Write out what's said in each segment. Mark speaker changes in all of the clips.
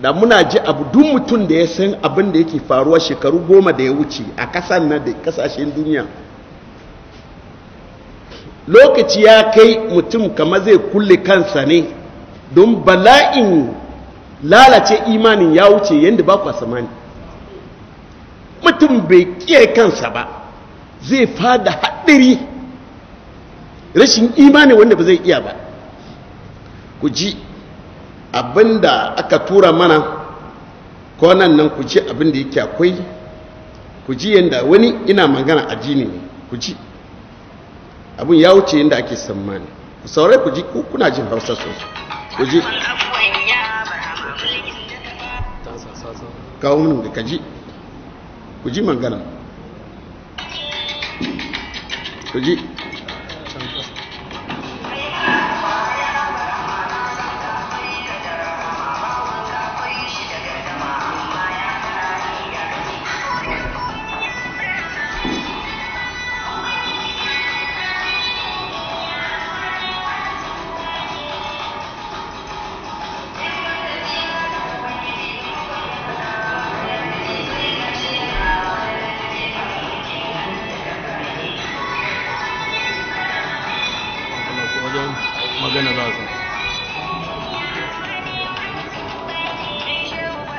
Speaker 1: da muna ji abu duk mutum da ya san abin da yake faruwa shekaru goma da ya wuce a kasan na da kasashen duniya lokaci ya kai mutum kama zai kulle kansa ne don bala'in lalace imanin ya wuce yadda ba kwa samani mutum bai kiyaye kansa ba zai fada haɗari rashin imani wanda ba zai iya ba ku ji abinda aka tura mana ko nan ku ci abinda yake akwai ku ji yadda wani ina magana jini ne ku ji abin ya wuce yadda ake tsammani ku saurai ku ji kuna jin hausa sosai ku ji kawo mun da kaji ku ji magana ku ji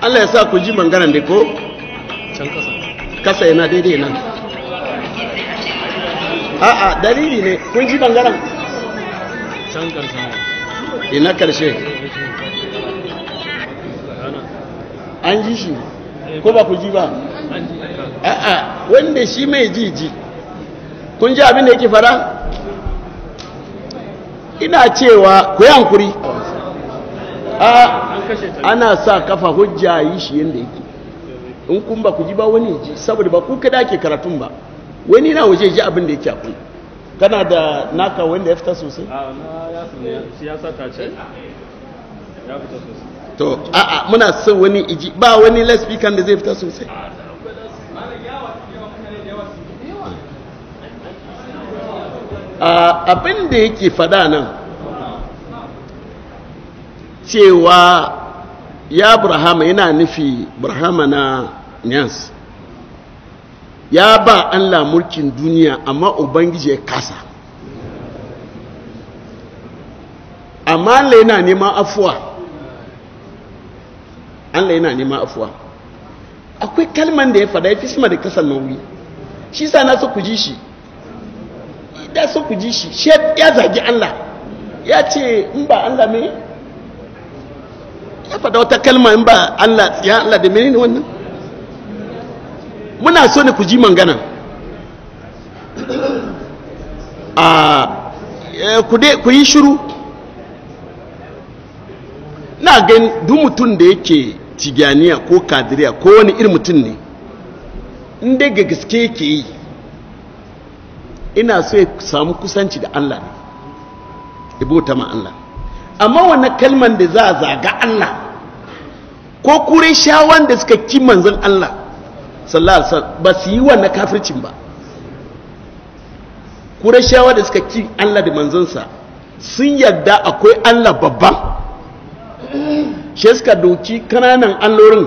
Speaker 1: Allah ya sa ku ji mangaran da ko Can kasa Kasa yana daidai nan a'a dalili ne kun ji Can mangaran ina karshe an ji shi eh, ko ba ku ji ba a'a wanda shi mai ji ji kun ji abin da yake fara ina cewa ku yi hankuri a ana sa kafa hujja yi shi yadda yake in kun ba ku ji ba wani ji saboda ba ku kada ke karatun ba wani na waje ji abin da yake akwai kana da naka wanda ya fita sosai to a muna son wani iji ba wani laspikan da zai fita sosai abin da yake fada nan cewa ya burhama yana nufi burhama na nyans ya ba allah mulkin duniya amma ubangiji ya kasa amma allah yana neman afuwa allah yana neman afuwa akwai kalman da ya fada ya fi sima da kasar nauyi shi sa na so ku ji shi da su ku ji shi ya zagi allah ya ce in ba allah mai ya fada wata kalma in ba Allah ya Allah da menene wannan muna so ne ku ji mangana a ah, eh, ku yi shiru na gani duk mutum da yake tijaniya ko kadiriya ko wani irin mutum ne in dai ga gaske yake yi ina so ya samu kusanci da Allah ne ibota ma Allah amma wannan kalman da za a zaga Allah ko kure shawan da suka ki manzan Allah sallallahu ba su yi wannan kafircin ba kure shawa da suka ki Allah da manzansa sun yadda akwai Allah babban shi suka doki kananan allorin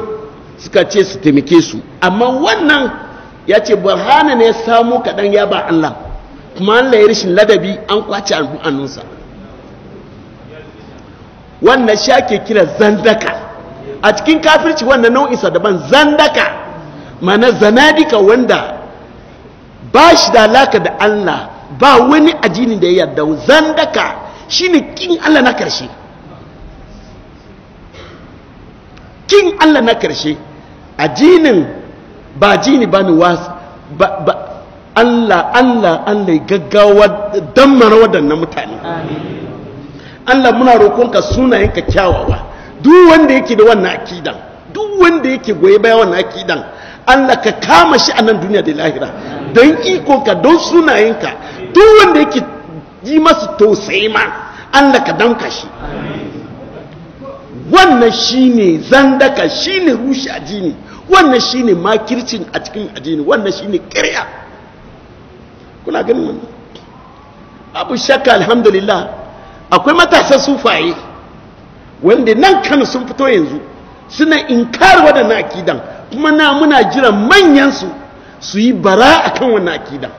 Speaker 1: suka ce su taimake su amma wannan ya ce burhana ne ya samu kaɗan ya ba Allah kuma an ya rashin ladabi an kwace al'annunsa wannan shi ake kira zandaka a cikin kafirci wannan nau'isa daban zandaka mana zanadika wanda ba shi da alaka da allah ba wani ajini da ya yarda zandaka shine kin allah na karshe kin allah na karshe ajinin ba jini ba ni wasu Allah Allah Allah gaggawa damar waɗannan mutane. Allah muna roƙonka sunayenka kyawawa duk wanda yake da wannan akidan duk wanda yake goye baya wannan akidan Allah ka kama shi a nan duniya da lahira don ikonka don sunayenka duk wanda yake yi masu tausayi ma Allah ka danka shi wannan shine zandaka shine rushe addini wannan shine makircin a cikin addini wannan shine ƙarya kuna ganin wani abu shakka alhamdulillah akwai matasan sufaye wanda nan kano sun fito yanzu suna inkar waɗannan akidan kuma na muna jiran manyansu su yi bara akan wannan akidan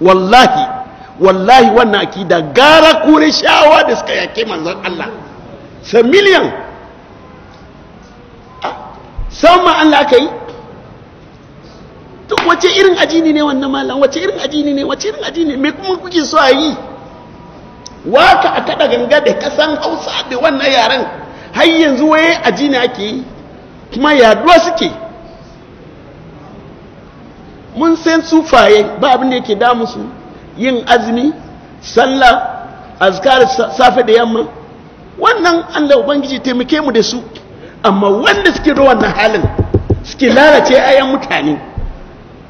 Speaker 1: wallahi wallahi wannan akida gara kure shawa da suka yake manzan Allah sa miliyan sama Allah aka yi wace irin ajini ne wannan malam wace irin ajini ne wace irin ajini ne me kuma kuke so a yi waka a kada ganga da kasan hausa da wannan yaren har yanzu waye a ne ake yi kuma yaduwa suke mun san sufaye ba abin da yake damu su yin azumi sallah azkar safe da yamma wannan allah ubangiji taimake mu da su amma wanda suke da wannan halin suke lalace ayan mutane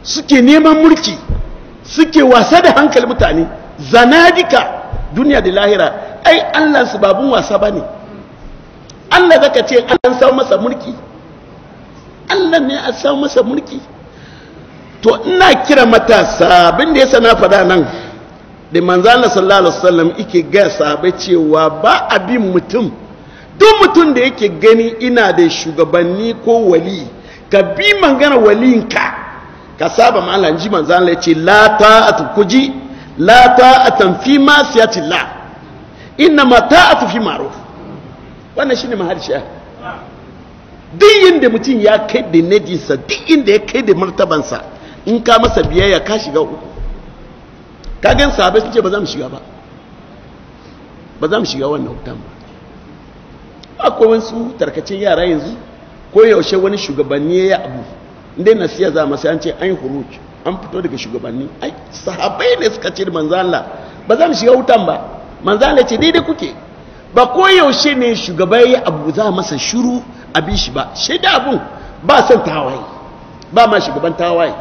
Speaker 1: suke neman mulki suke wasa da hankali mutane zanadika duniya da lahira ai allah su babun wasa ba ne allah zaka ce an samu masa mulki allah ne a samu masa mulki to ina kira matasa abin da ya sana fada nan da manzana sallallahu alaihi wasallam ike gaya sahabai cewa ba abin mutum duk mutum da yake gani ina da shugabanni ko wali ka bi mangana walinka ka saba ma Allah ji manzana ya ce la ta'atu kuji la ta'atan fi ma siyati la inna ma ta'atu fi ma'ruf wannan shine mahal sha duk inda mutum ya kai da najinsa duk inda ya kai da martabansa in ka masa biyayya ka shiga uku ka gan sahabai sun ce ba za mu shiga ba ba za mu shiga wannan hutan ba akwai wasu tarkacin yara yanzu ko yaushe wani shugabanni ya yi abu inda nasiya za masu an ce an yi an fito daga shugabanni ai sahabai ne suka ce manzo Allah ba za mu shiga wutan ba manzo Allah ce daidai kuke ba ko yaushe ne shugaba ya abu za masa shiru a bi shi ba shi da abun ba son tawaye ba ma shugaban tawaye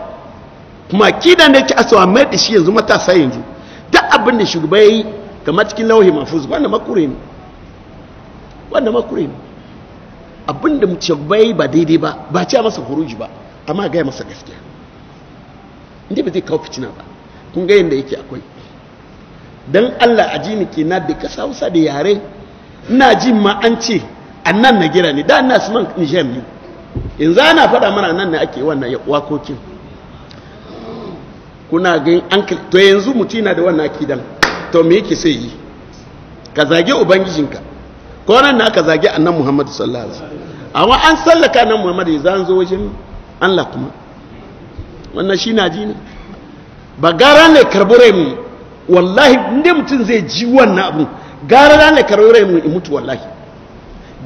Speaker 1: kuma kidan da yake asawa mai da shi yanzu matasa yanzu duk abin da shugaba yi kamar cikin lauhi mafuz wanda makure ne wanda makure ne abin da shugaba ba daidai ba ba ce masa huruji ba amma gaya masa gaskiya inda ba zai kawo fitina ba kun ga yadda yake akwai dan Allah a ji ke na da kasa Hausa da yare ina ji ma an ce annan na gira ne da ina sunan Niger ne za na faɗa mana nan ne ake wannan wakokin kuna ga an to yanzu mutum na da wannan akidan to me yake sai yi ka zage ubangijinka ko nan na ka zage annan muhammadu sallallahu alaihi wasallam amma an sallaka nan Muhammad zan zo wajen Allah kuma wannan shi na ji ne ba gara ne karbi rai mu wallahi inda mutum zai ji wannan abu gara ne karbi rai mu in mutu wallahi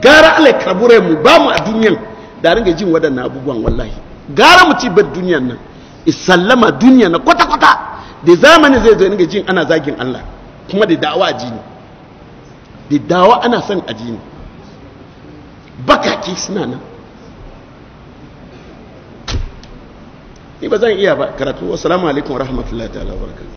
Speaker 1: gara ne karbi rai mu ba mu a duniyan da ringa jin waɗannan abubuwan wallahi gara mu ci bar duniyan nan isallama duniya na kwata-kwata da zamani zai zai ringa jin ana zagin Allah kuma da dawa ji ne da dawa ana son ji ne bakaki suna nan ni ba zan iya ba karatu assalamu alaikum wa rahmatullahi ta'ala wa